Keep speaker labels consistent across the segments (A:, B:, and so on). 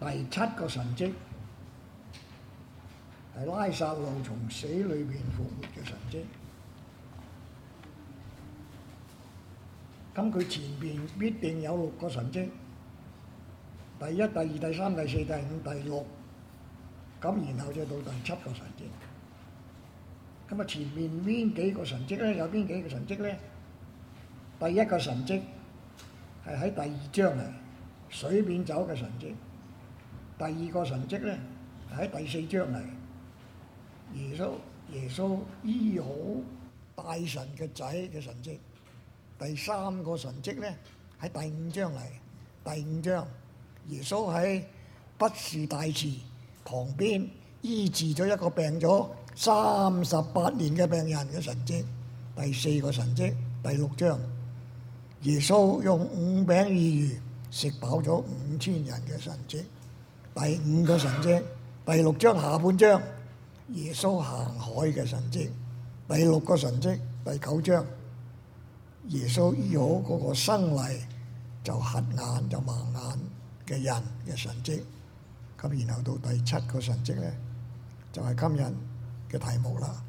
A: 第七個神蹟係拉撒路從死裏邊復活嘅神蹟。咁佢前邊必定有六個神蹟，第一、第二、第三、第四、第五、第六，咁然後再到第七個神蹟。咁啊，前面邊幾個神蹟咧？有邊幾個神蹟咧？第一個神蹟係喺第二章啊，水變酒嘅神蹟。第二個神跡咧，喺第四章嚟，耶穌耶穌醫好大臣嘅仔嘅神跡。第三個神跡咧，喺第五章嚟，第五章耶穌喺畢士大池旁邊醫治咗一個病咗三十八年嘅病人嘅神跡。第四個神跡，第六章，耶穌用五餅二魚食飽咗五千人嘅神跡。第五個神跡，第六章下半章，耶穌行海嘅神跡。第六個神跡，第九章，耶穌醫好嗰個生嚟就瞎眼就盲眼嘅人嘅神跡。咁然後到第七個神跡咧，就係、是、今日嘅題目啦。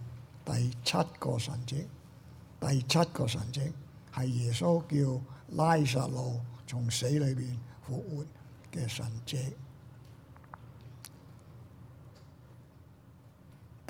A: 第七個神跡，第七個神跡係耶穌叫拉撒路從死裏邊復活嘅神跡。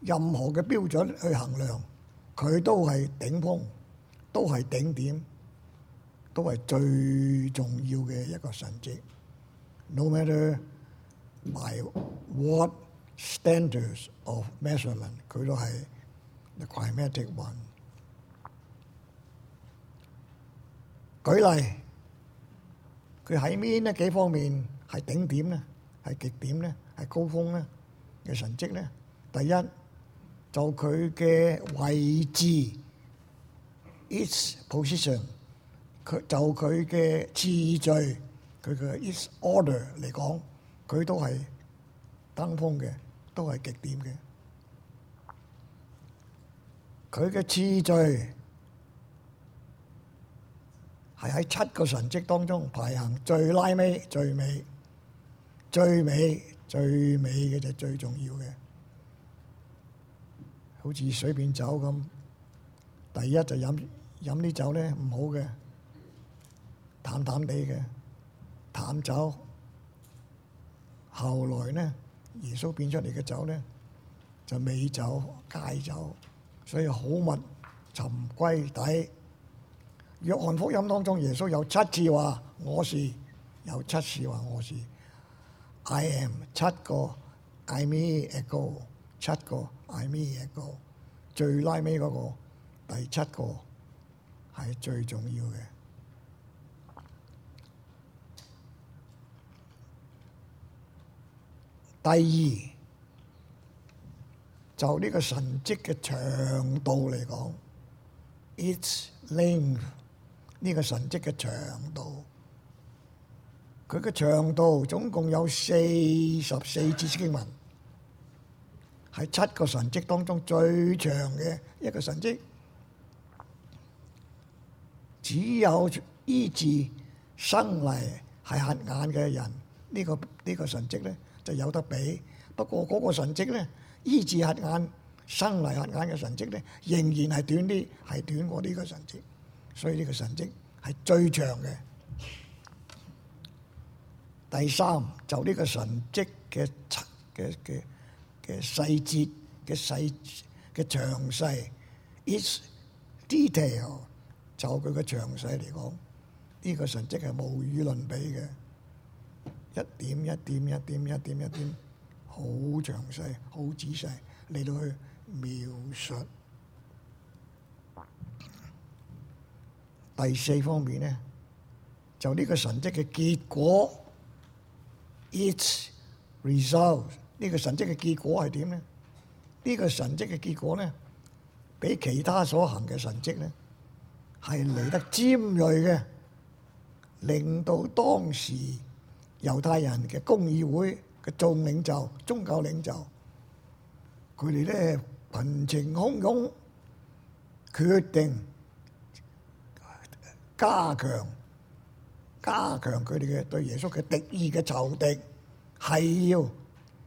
A: 任何嘅標準去衡量，佢都係頂峰，都係頂點，都係最重要嘅一個神蹟。No matter by what standards of measurement，佢都係 the climatic one。舉例，佢喺邊呢？幾方面係頂點咧？係極點咧？係高峰咧？嘅神蹟咧？第一。就佢嘅位置，its position，佢就佢嘅次序，佢嘅 its order 嚟講，佢都係登峰嘅，都係極點嘅。佢嘅次序係喺七個神跡當中排行最拉尾、最尾、最尾、最尾嘅就係最重要嘅。好似水變酒咁，第一就飲飲啲酒咧唔好嘅，淡淡地嘅淡酒。後來咧，耶穌變出嚟嘅酒咧就美酒佳酒，所以好密尋歸底。約翰福音當中，耶穌有七次話我是，有七次話我是。I am 七個 I am the God 七個，係咩嘢個？最拉尾嗰、嗰個第七個係最重要嘅。第二，就呢個神蹟嘅長度嚟講，its length 呢個神蹟嘅長度，佢嘅長度總共有四十四節經文。喺七個神蹟當中最長嘅一個神蹟，只有醫治生嚟係瞎眼嘅人，呢、呢個呢、呢個神蹟呢就有得比。不過嗰個神蹟呢，醫治瞎眼、生嚟瞎眼嘅神蹟呢，仍然係短啲，係短過呢個神蹟。所以呢個神蹟係最長嘅。第三就呢個神蹟嘅七嘅嘅。嘅細節嘅細嘅詳細，its detail 就佢嘅詳細嚟講，呢、這個神蹟係無與倫比嘅，一點一點一點一點一點，好詳細好仔細嚟到去描述。第四方面咧，就呢個神蹟嘅結果，its result。呢個神跡嘅結果係點呢？呢、這個神跡嘅結果呢，比其他所行嘅神跡呢，係嚟得尖鋭嘅，令到當時猶太人嘅公議會嘅眾領袖、宗教領袖，佢哋呢，群情洶湧，決定加強、加強佢哋嘅對耶穌嘅敵意嘅仇敵，係要。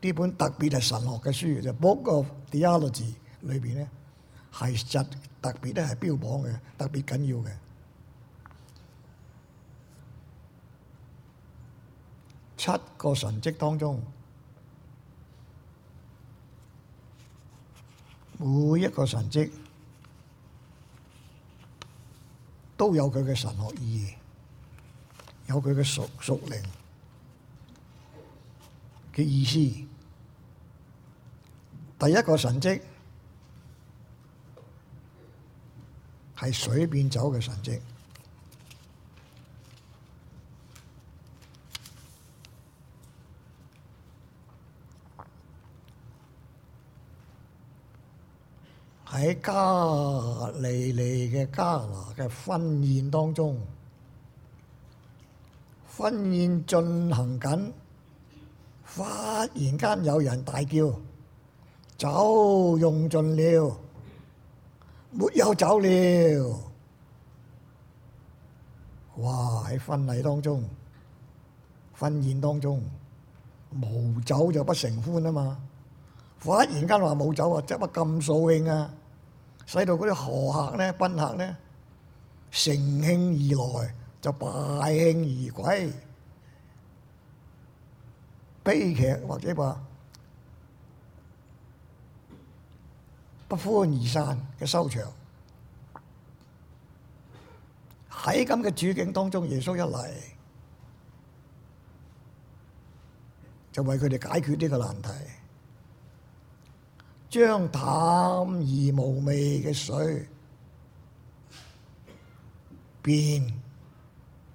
A: 呢本特別係神學嘅書，就《Book of Theology》字裏邊咧，係特特別咧係標榜嘅，特別緊要嘅七個神跡當中，每一個神跡都有佢嘅神學意義，有佢嘅屬屬靈嘅意思。第一個神跡係水變酒嘅神跡，喺加利利嘅加拿嘅婚宴當中，婚宴進行緊，忽然間有人大叫。酒用盡了，沒有酒了。哇！喺婚禮當中，婚宴當中，無酒就不成歡啊嘛！忽然間話冇酒啊，即乜咁掃興啊，使到嗰啲賀客咧、賓客咧，乘興而來就敗興而歸，悲劇或者話。不歡而散嘅收場，喺咁嘅處境當中，耶穌一嚟就為佢哋解決呢個難題，將淡而無味嘅水變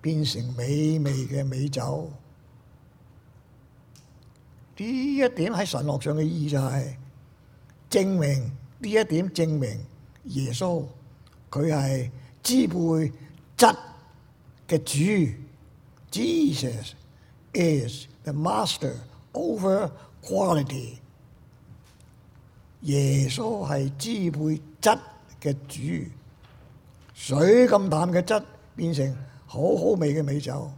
A: 變成美味嘅美酒。呢一點喺神學上嘅意義就係、是、證明。呢一點證明耶穌佢係支配質嘅主，Jesus is the master over quality。耶穌係支配質嘅主，水咁淡嘅質變成好好味嘅美酒。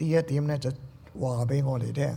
A: 呢一點咧就話俾我哋聽。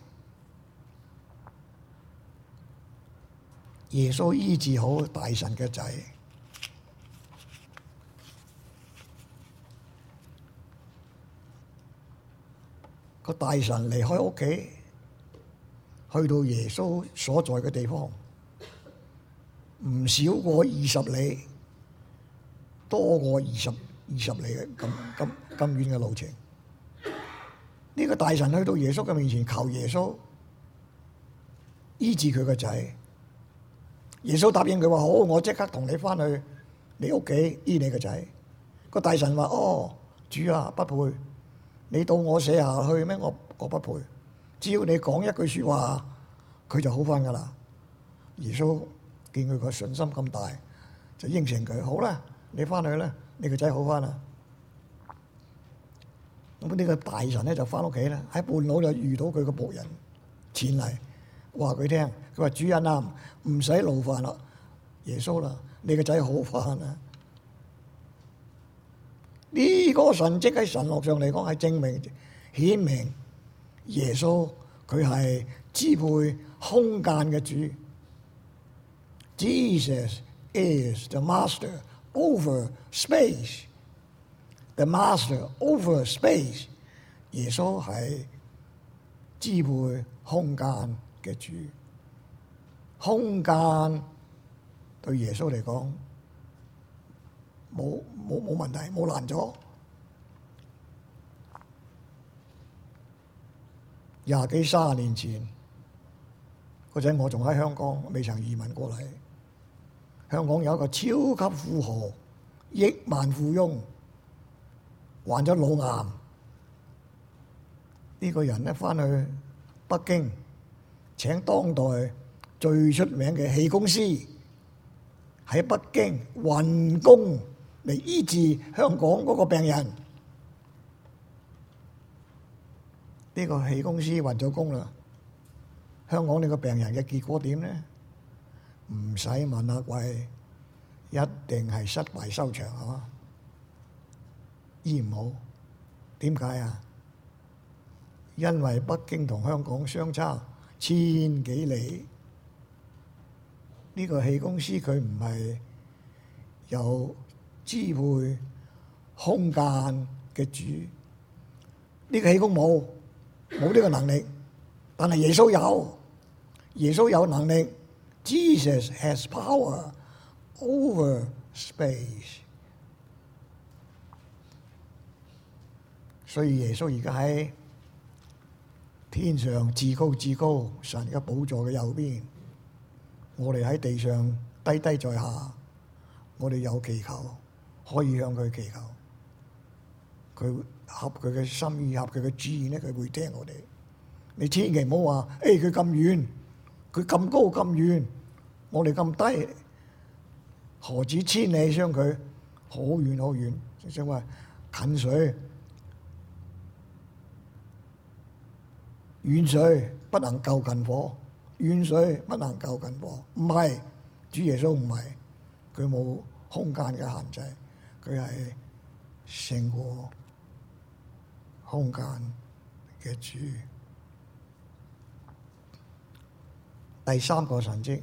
A: 耶穌醫治好大臣嘅仔，個大臣離開屋企，去到耶穌所在嘅地方，唔少過二十里，多過二十二十里咁咁咁遠嘅路程。呢個大臣去到耶穌嘅面前，求耶穌醫治佢個仔。耶穌答應佢話：好，我即刻同你翻去你屋企醫你個仔。個大臣話：哦，主啊，不配。你到我舍下去咩？我我不配。只要你講一句說話，佢就好翻噶啦。耶穌見佢個信心咁大，就應承佢：好啦，你翻去啦，你個仔好翻啦。咁呢個大臣咧就翻屋企啦，喺半路就遇到佢個僕人，前嚟話佢聽。佢話：主人啊，唔使勞煩啦，耶穌啦、啊，你個仔好煩啊！呢、這個神跡喺神學上嚟講係證明顯明耶穌佢係支配空間嘅主。Jesus is the master over space. The master over space，耶穌係支配空間嘅主。空間對耶穌嚟講冇冇冇問題，冇難咗。廿幾三十年前，嗰陣我仲喺香港，未曾移民過嚟。香港有一個超級富豪、億萬富翁，患咗腦癌。呢、這個人咧翻去北京請當代。最出名嘅氣功師喺北京運功嚟醫治香港嗰個病人，呢個氣功師運咗功啦。香港呢個病人嘅結果點呢？唔使問啦，喂，一定係失敗收場啊！醫唔好，點解啊？因為北京同香港相差千幾里。呢個氣功師佢唔係有支配空間嘅主，呢、這個氣功冇冇呢個能力，但係耶穌有，耶穌有能力。Jesus has power over space。所以耶穌而家喺天上至高至高神嘅寶座嘅右邊。我哋喺地上低低在下，我哋有祈求，可以向佢祈求。佢合佢嘅心意，合佢嘅旨意咧，佢會聽我哋。你千祈唔好話，誒、哎，佢咁遠，佢咁高咁遠，我哋咁低，何止千里相距，好遠好遠。即係話近水遠水不能夠近火。遠水不能救近火，唔係主耶穌，唔係佢冇空間嘅限制，佢係成個空間嘅主。第三個神跡，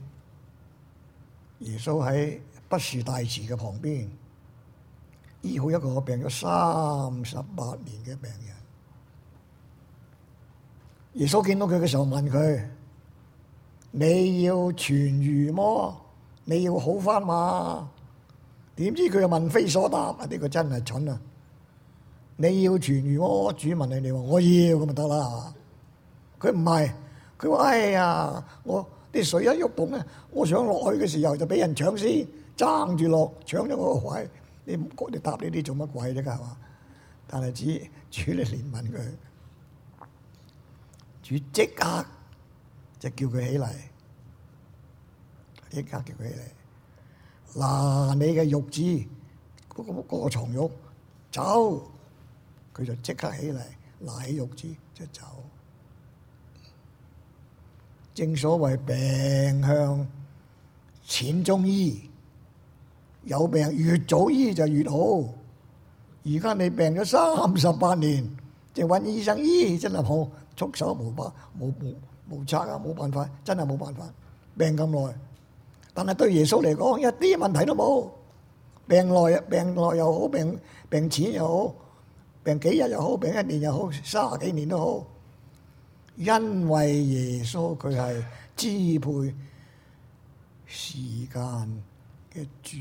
A: 耶穌喺畢士大池嘅旁邊，醫好一個病咗三十八年嘅病人。耶穌見到佢嘅時候問佢。你要痊愈麼？你要好翻嘛？點知佢又問非所答啊。呢個真係蠢啊！你要痊愈麼？主問你，你話我要咁咪得啦。佢唔係，佢話：哎呀，我啲水一喐動咧，我想落去嘅時候就俾人搶先，爭住落，搶咗我個位。你唔覺你答呢啲做乜鬼啫？係嘛？但係主理嚟問佢，主即刻。即叫佢起嚟，即刻叫佢起嚟。嗱，你嘅褥子，嗰、嗰個嗰個牀褥，走，佢就即刻起嚟，攞起褥子就走。正所謂病向淺中醫，有病越早醫就越好。而家你病咗三十八年，淨係揾醫生醫真係好，束手冇法冇無策啊，冇辦法，真係冇辦法。病咁耐，但係對耶穌嚟講一啲問題都冇。病耐啊，病耐又好，病病錢又好，病幾日又好，病一年又好，三十幾年都好。因為耶穌佢係支配時間嘅主。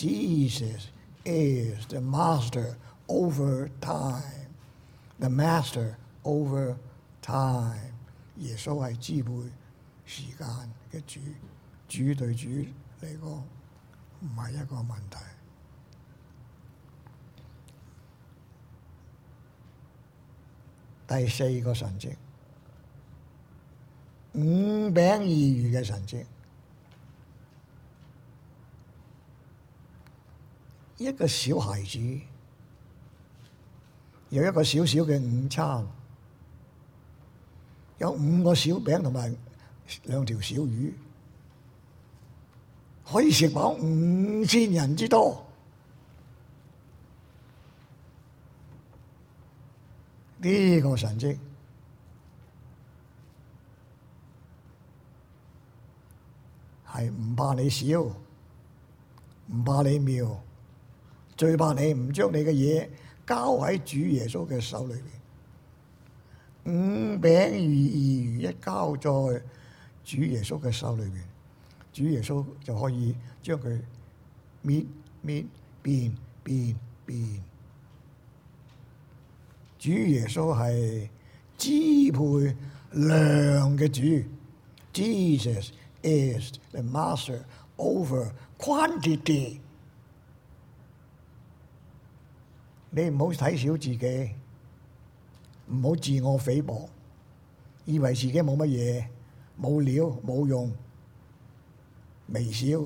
A: Jesus is the master over time. The master over time. 耶穌係支配時間嘅主，主對主嚟講唔係一個問題。第四個神跡，五餅二魚嘅神跡，一個小孩子有一個小小嘅午餐。有五個小餅同埋兩條小魚，可以食飽五千人之多。呢、這個神跡係唔怕你笑，唔怕你妙，最怕你唔將你嘅嘢交喺主耶穌嘅手裏邊。五餅二魚魚一交在主耶穌嘅手裏邊，主耶穌就可以將佢搣搣變變變。主耶穌係支配量嘅主，Jesus is the master over quantity。你唔好睇小自己。唔好自我菲薄，以為自己冇乜嘢，冇料冇用，微笑。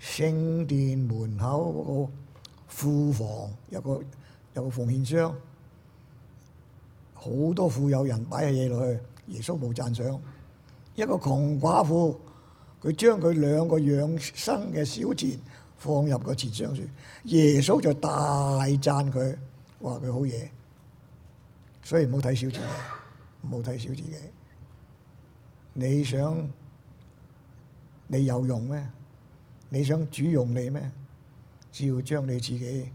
A: 聖殿門口嗰個庫房有個有個奉獻箱，好多富有人擺嘅嘢落去，耶穌冇讚賞。一個窮寡婦，佢將佢兩個養生嘅小錢放入個錢箱處，耶穌就大讚佢。話佢好嘢，所以唔好睇小自己，唔好睇小自己。你想你有用咩？你想主用你咩？只要將你自己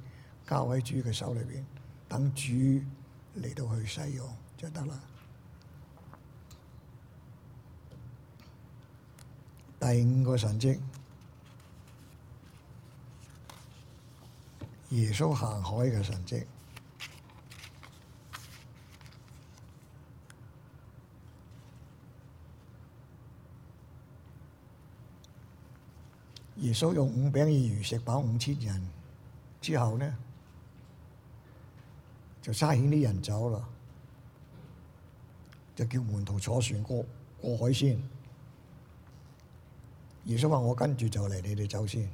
A: 交喺主嘅手裏面，等主嚟到去使用就得啦。第五個神跡，耶穌行海嘅神跡。耶穌用五餅二魚食飽五千人之後咧，就差遣啲人走啦，就叫門徒坐船過過海先。耶穌話：我跟住就嚟，你哋走先。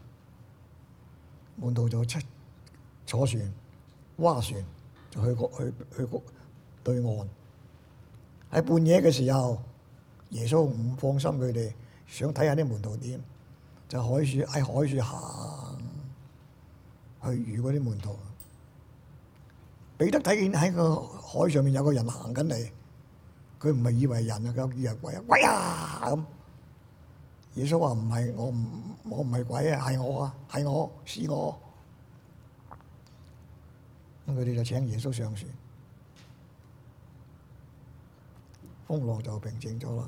A: 門徒就出坐船、劃船，就去過去去過對岸。喺半夜嘅時候，耶穌唔放心佢哋，想睇下啲門徒點。.就海船喺、哎、海船行，去遇嗰啲門徒，彼得睇見喺個海上面有個人行緊嚟，佢唔係以為人啊，佢以為鬼啊，鬼啊咁。耶穌話唔係，我唔我唔係鬼啊，係我啊，係我、啊、係我。咁佢哋就請耶穌上船，風浪就平靜咗啦。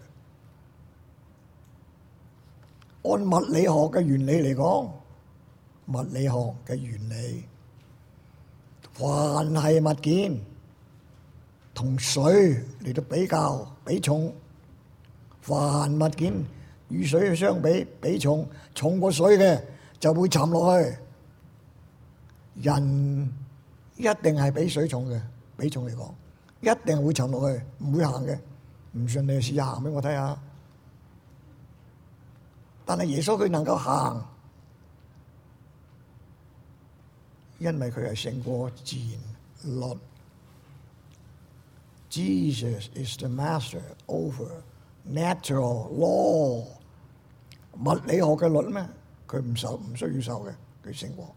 A: 按物理學嘅原理嚟講，物理學嘅原理，凡係物件同水嚟到比較比重，凡物件與水去相比，比重重過水嘅就會沉落去。人一定係比水重嘅，比重嚟講，一定會沉落去，唔會行嘅。唔信你試下行俾我睇下。但係耶穌佢能夠行，因為佢係勝過自然律。Jesus is the master over natural law。物理學嘅律咩？佢唔受唔需要受嘅，佢勝過。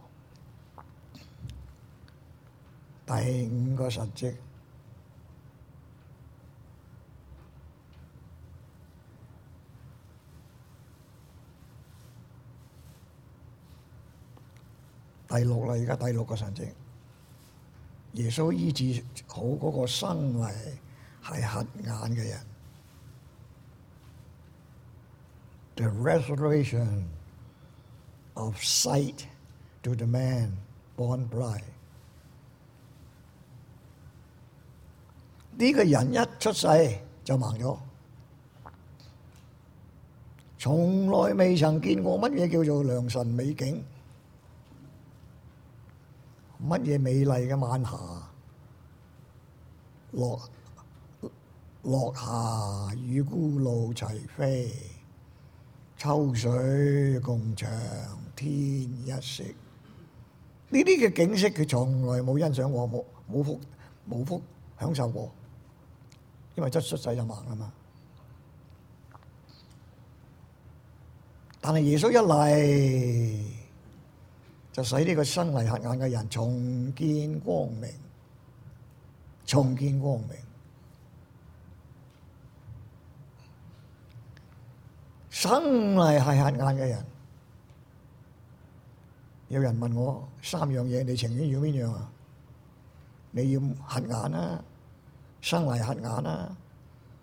A: 第五個神跡。第六啦，而家第六個神跡，耶穌醫治好嗰個生嚟係瞎眼嘅人。The restoration of sight to the man born blind。呢個人一出世就盲咗，從來未曾見過乜嘢叫做良辰美景。乜嘢美麗嘅晚霞，落落霞與孤鶩齊飛，秋水共長天一色。呢啲嘅景色佢從來冇欣賞過，冇冇福冇福享受過，因為質出世就盲啊嘛。但係耶穌一嚟。就使呢個生嚟瞎眼嘅人重見光明，重見光明。生嚟係瞎眼嘅人，有人問我三樣嘢，你情願要邊樣啊？你要瞎眼啊？生嚟瞎眼啊？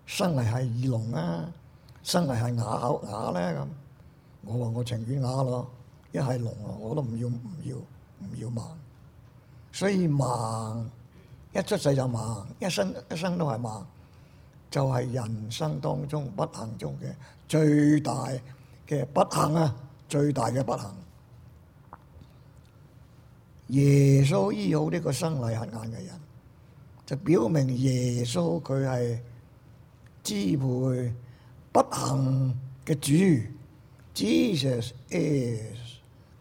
A: 生嚟係耳聾啊？生嚟係啞口啞咧咁？我話我情願啞咯。一係聾，我都唔要唔要唔要盲，所以盲一出世就盲，一生一生都係盲，就係、是、人生當中不幸中嘅最大嘅不幸啊！最大嘅不幸，耶穌醫好呢個生嚟瞎眼嘅人，就表明耶穌佢係支配不幸嘅主。Jesus is。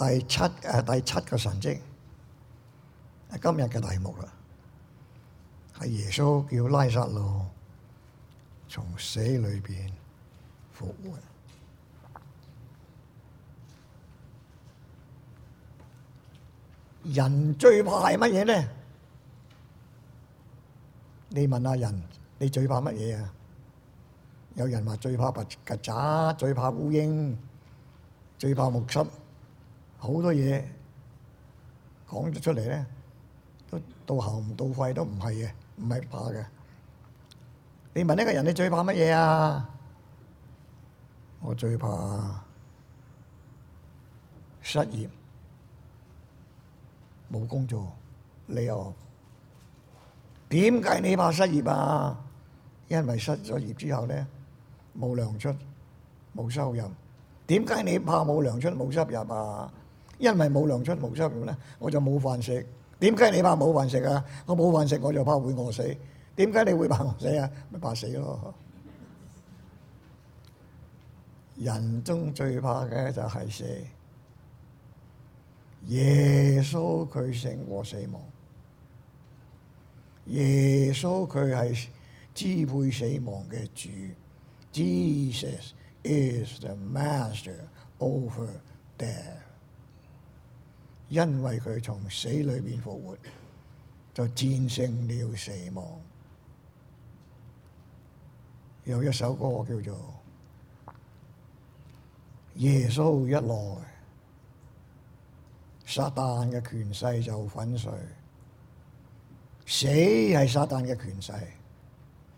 A: 第七誒，第七個神跡，今日嘅題目啦，係耶穌叫拉撒路從死裏邊復活。人最怕係乜嘢咧？你問下人，你最怕乜嘢啊？有人話最怕白曱甴，最怕烏蠅，最怕木虱。好多嘢講咗出嚟咧，都到喉唔到肺，都唔係嘅，唔係怕嘅。你問呢個人，你最怕乜嘢啊？我最怕失業，冇工做，你又點解你怕失業啊？因為失咗業之後咧，冇糧出，冇收入。點解你怕冇糧出、冇收入啊？因為冇糧出冇出咁咧，我就冇飯食。點解你怕冇飯食啊？我冇飯食我就怕會餓死。點解你會怕餓死啊？咪怕死咯！人中最怕嘅就係死。耶穌佢勝過死亡。耶穌佢係支配死亡嘅主。Mm hmm. Jesus is the Master over death. 因為佢從死裏邊復活，就戰勝了死亡。有一首歌叫做《耶穌一來》，撒旦嘅權勢就粉碎。死係撒旦嘅權勢，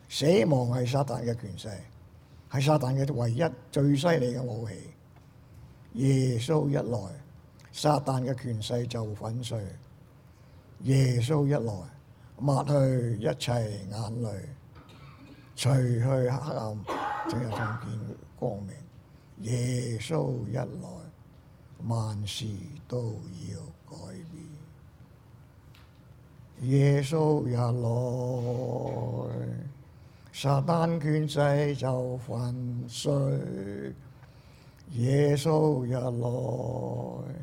A: 死亡係撒旦嘅權勢，係撒旦嘅唯一最犀利嘅武器。耶穌一來。撒旦嘅權勢就粉碎，耶穌一來抹去一切眼淚，除去黑暗，只有看見光明。耶穌一來，萬事都要改變。耶穌一來，撒旦權勢就粉碎。耶穌一來。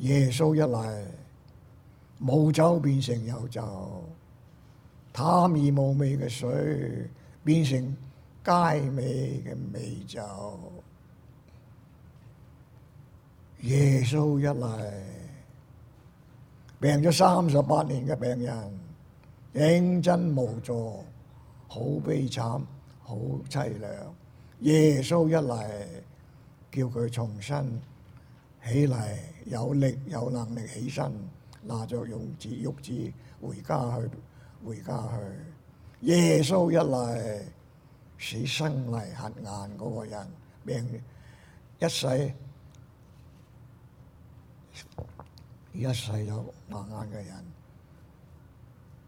A: 耶穌一嚟，冇酒變成有酒；淡而無味嘅水變成佳美嘅美酒。耶穌一嚟，病咗三十八年嘅病人，認真無助，好悲慘，好凄涼。耶穌一嚟，叫佢重新。起嚟有力有能力起身，拿着用子鬱字。回家去，回家去。耶穌一嚟，使生嚟瞎眼嗰個人，命一世，一世有瞎眼嘅人，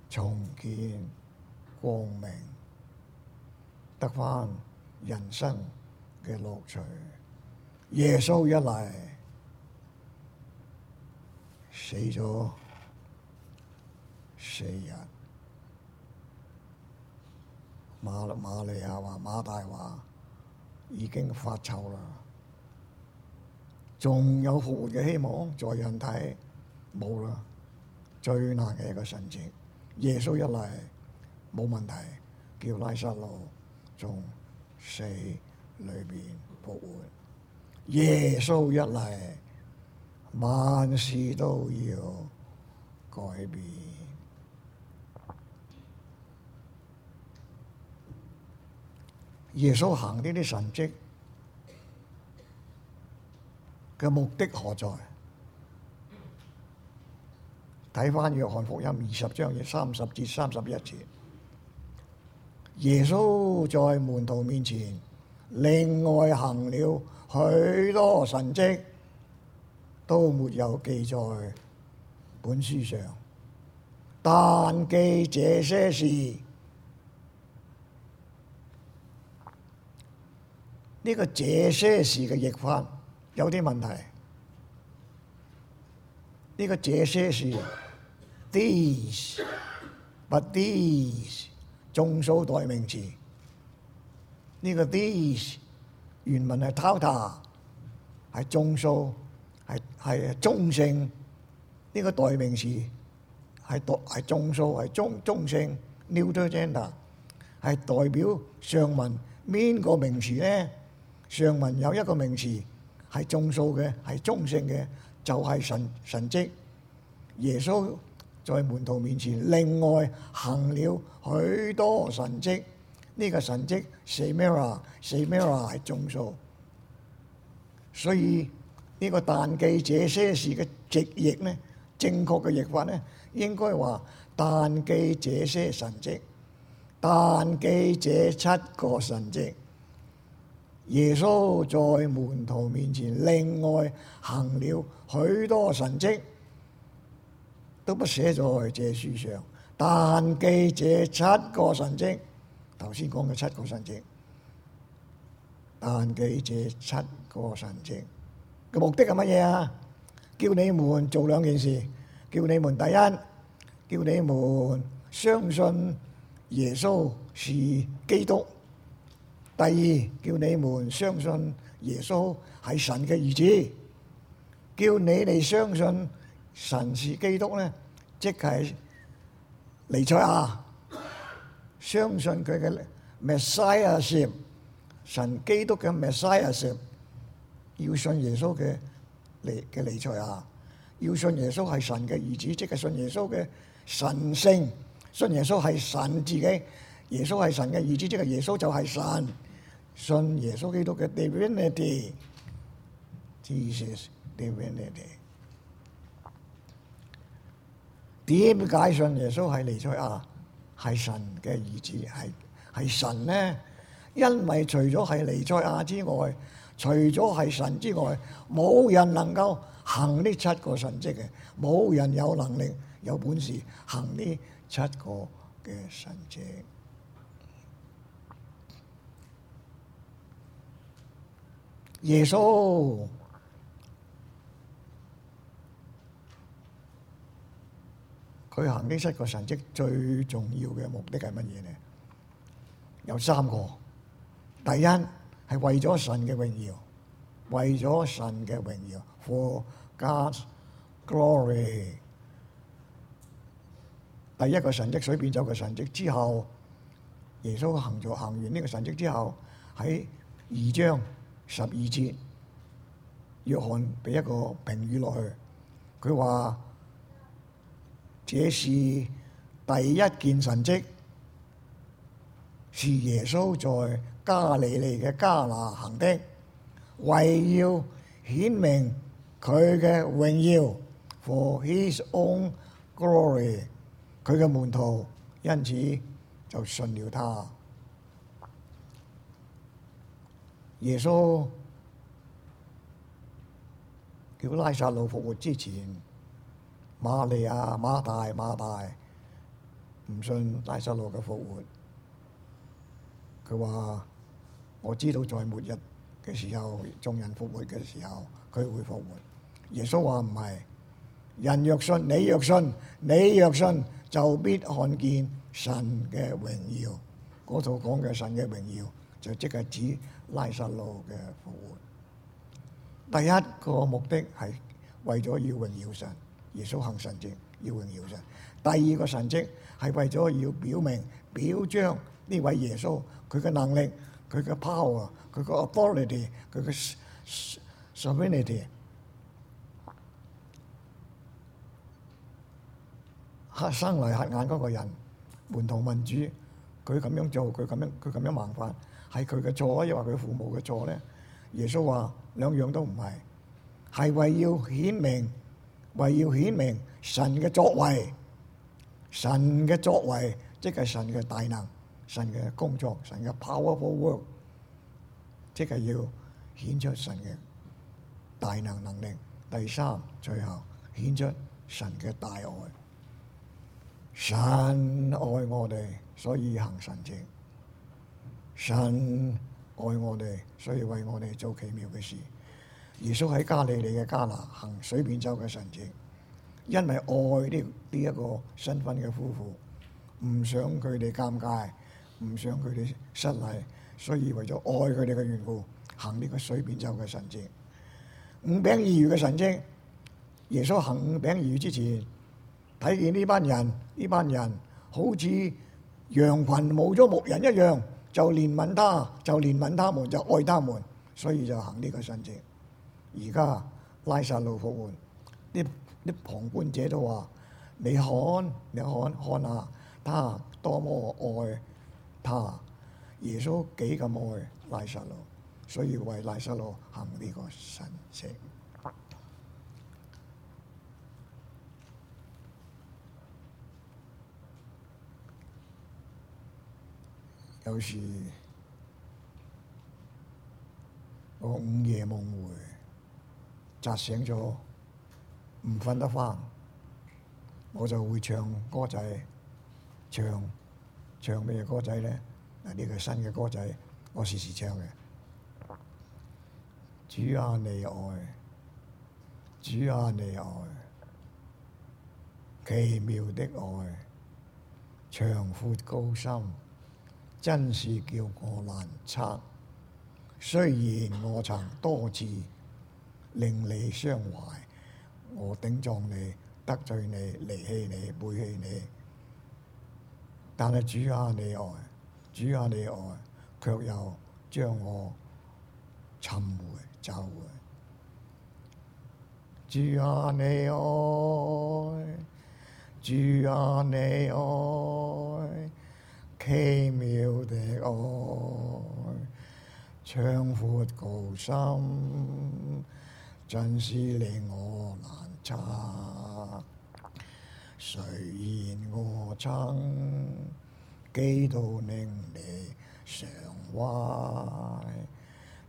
A: 重見光明，得翻人生嘅樂趣。耶穌一嚟。死咗四日，馬馬利亞話馬大話已經發臭啦，仲有復活嘅希望在人體冇啦，最難嘅一個神跡，耶穌一嚟冇問題，叫拉撒路從死裏邊復活，耶穌一嚟。萬事都要改變。耶穌行呢啲神迹嘅目的何在？睇翻《約翰福音》二十章嘅三十至三十一節，耶穌在門徒面前另外行了許多神迹。都沒有記在本書上，但記這些事，呢、這個這些事嘅譯法有啲問題。呢、這個這些事，these，but these，眾數代名詞。呢、這個 these 原文係 tauta，係眾數。係係中性呢個代名詞，係係眾數，係中中性，neuter gender，係代表上文邊個名詞咧？上文有一個名詞係眾數嘅，係中性嘅，就係神神蹟。耶穌在門徒面前另外行了許多神蹟，呢個神蹟 semeia？semeia？係眾數，所以。呢個但記這些事嘅直譯呢，正確嘅譯法呢，應該話但記這些神跡，但記這七個神跡。耶穌在門徒面前另外行了許多神跡，都不寫在這書上。但記這七個神跡，頭先講嘅七個神跡。但記這七個神跡嘅目的係乜嘢啊？叫你們做兩件事，叫你們第一，叫你們相信耶穌是基督；第二，叫你們相信耶穌係神嘅兒子。叫你哋相信神是基督呢，即係彌賽亞，相信佢嘅 Messiahship，神基督嘅 Messiahship。要信耶穌嘅彌嘅彌賽亞，要信耶穌係神嘅兒子，即係信耶穌嘅神性。信耶穌係神自己，耶穌係神嘅兒子，即係耶穌就係神。信耶穌基督嘅 Divinity，點解信耶穌係彌賽亞，係神嘅兒子，係係神呢？因為除咗係彌賽亞之外。除咗係神之外，冇人能夠行呢七個神跡嘅，冇人有能力、有本事行呢七個嘅神跡。耶穌，佢行呢七個神跡最重要嘅目的係乜嘢呢？有三個，第一，係為咗神嘅榮耀，為咗神嘅榮耀，for God's glory。第一個神跡水變咗個神跡之後，耶穌行咗行完呢個神跡之後，喺二章十二節，約翰俾一個評語落去，佢話：這是第一件神跡，是耶穌在。加利利嘅加拿行的，為要顯明佢嘅榮耀 forHis own glory，佢嘅門徒因此就信了他。耶穌叫拉撒路復活之前，瑪利亞、馬大、馬大唔信拉撒路嘅復活，佢話。我知道在末日嘅時候，眾人復活嘅時候，佢會復活。耶穌話唔係，人若信，你若信，你若信，就必看見神嘅榮耀。嗰套講嘅神嘅榮耀，就即係指拉撒路嘅復活。第一個目的係為咗要榮耀神，耶穌行神跡要榮耀神。第二個神跡係為咗要表明表彰呢位耶穌佢嘅能力。佢嘅 power，佢嘅 authority，佢嘅 sovereignty。黑生嚟黑眼嗰個人，門徒民主，佢咁樣做，佢咁樣，佢咁樣麻煩，係佢嘅錯，抑或佢父母嘅錯咧？耶穌話兩樣都唔係，係為要顯明，為要顯明神嘅作為，神嘅作為即係神嘅大能。神嘅工作，神嘅 powerful work，即係要顯出神嘅大能能力。第三，最後顯出神嘅大愛。神愛我哋，所以行神跡。神愛我哋，所以為我哋做奇妙嘅事。耶穌喺加利利嘅加拿行水變酒嘅神跡，因為愛呢呢一個新婚嘅夫婦，唔想佢哋尷尬。唔想佢哋失禮，所以為咗愛佢哋嘅緣故，行呢個水邊走嘅神跡。五餅二魚嘅神跡，耶穌行五餅二魚之前，睇見呢班人，呢班人好似羊群冇咗牧人一樣，就憐憫他，就憐憫他，他們，就愛他們，所以就行呢個神跡。而家拉撒路復活，啲啲旁觀者都話：你看，你看，看下他多麼愛。他耶穌幾咁愛拉撒路，所以為拉撒路行呢個神跡。 有時我午夜夢回，扎醒咗，唔瞓得翻，我就會唱歌仔唱。唱咩歌仔呢？呢、啊呢個新嘅歌仔，我時時唱嘅。 主啊，你愛，主啊，你愛，奇妙的愛，長闊高深，真是叫我難測。雖然我曾多次令你傷懷，我頂撞你、得罪你、離棄你、背棄你。但係主啊你愛，主啊你愛，卻又將我尋回找回。主啊你愛，主啊你愛，奇妙的愛，長闊高深，真是令我難測。誰言我憎？幾度令你常懷，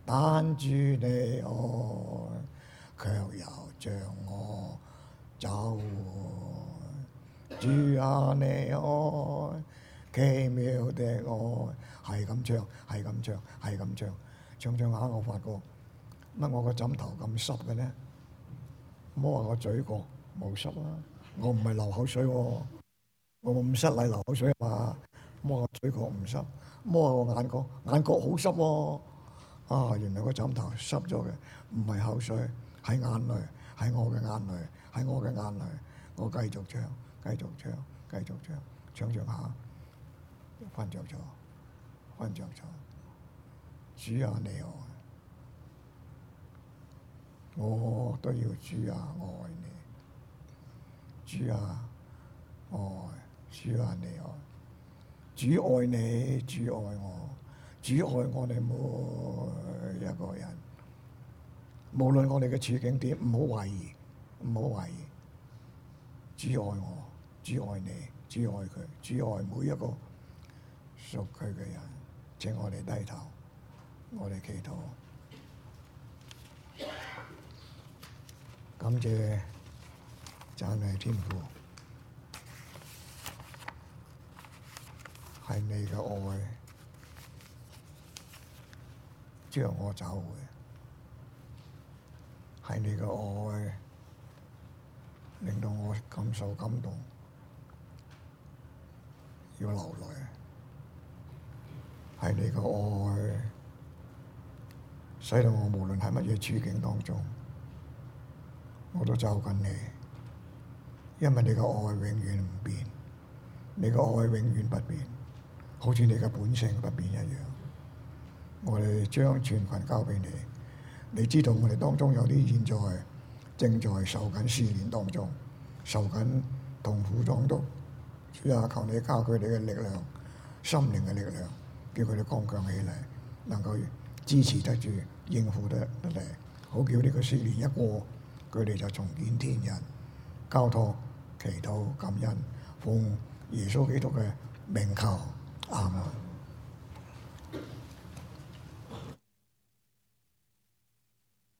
A: 但主你愛卻又將我找回。主啊你，你愛奇妙的愛，係咁唱，係咁唱，係咁唱，唱唱下我發覺乜我個枕頭咁濕嘅呢？摸下我嘴角冇濕啦。我唔係流口水喎、哦，我唔失禮流口水啊嘛，摸下嘴角唔濕，摸下我眼角，眼角好濕喎、哦，啊原來個枕頭濕咗嘅，唔係口水，係眼淚，係我嘅眼淚，係我嘅眼淚，我繼續唱，繼續唱，繼續唱，唱著下，瞓着咗，瞓着咗，主啊你愛，我都要主啊，我愛你。主啊，哦，主啊你哦，主愛你，主愛我，主愛我哋每一個人，無論我哋嘅處境點，唔好懷疑，唔好懷疑，主愛我，主愛你，主愛佢，主愛每一個屬佢嘅人，請我哋低頭，我哋祈禱，感謝。真係天父，係你嘅愛將我走嘅，係你嘅愛令到我感受感動，要流淚。係你嘅愛，使到我無論喺乜嘢處境當中，我都走近你。因為你個愛永遠唔變，你個愛永遠不變，好似你嘅本性不變一樣。我哋將全群交俾你，你知道我哋當中有啲現在正在受緊試煉當中，受緊痛苦當中。主啊，求你加佢哋嘅力量、心靈嘅力量，叫佢哋剛強起嚟，能夠支持得住、應付得嚟，好叫呢個試煉一過，佢哋就重見天日。交託。祈禱感恩，奉耶穌基督嘅名求啊！Amen.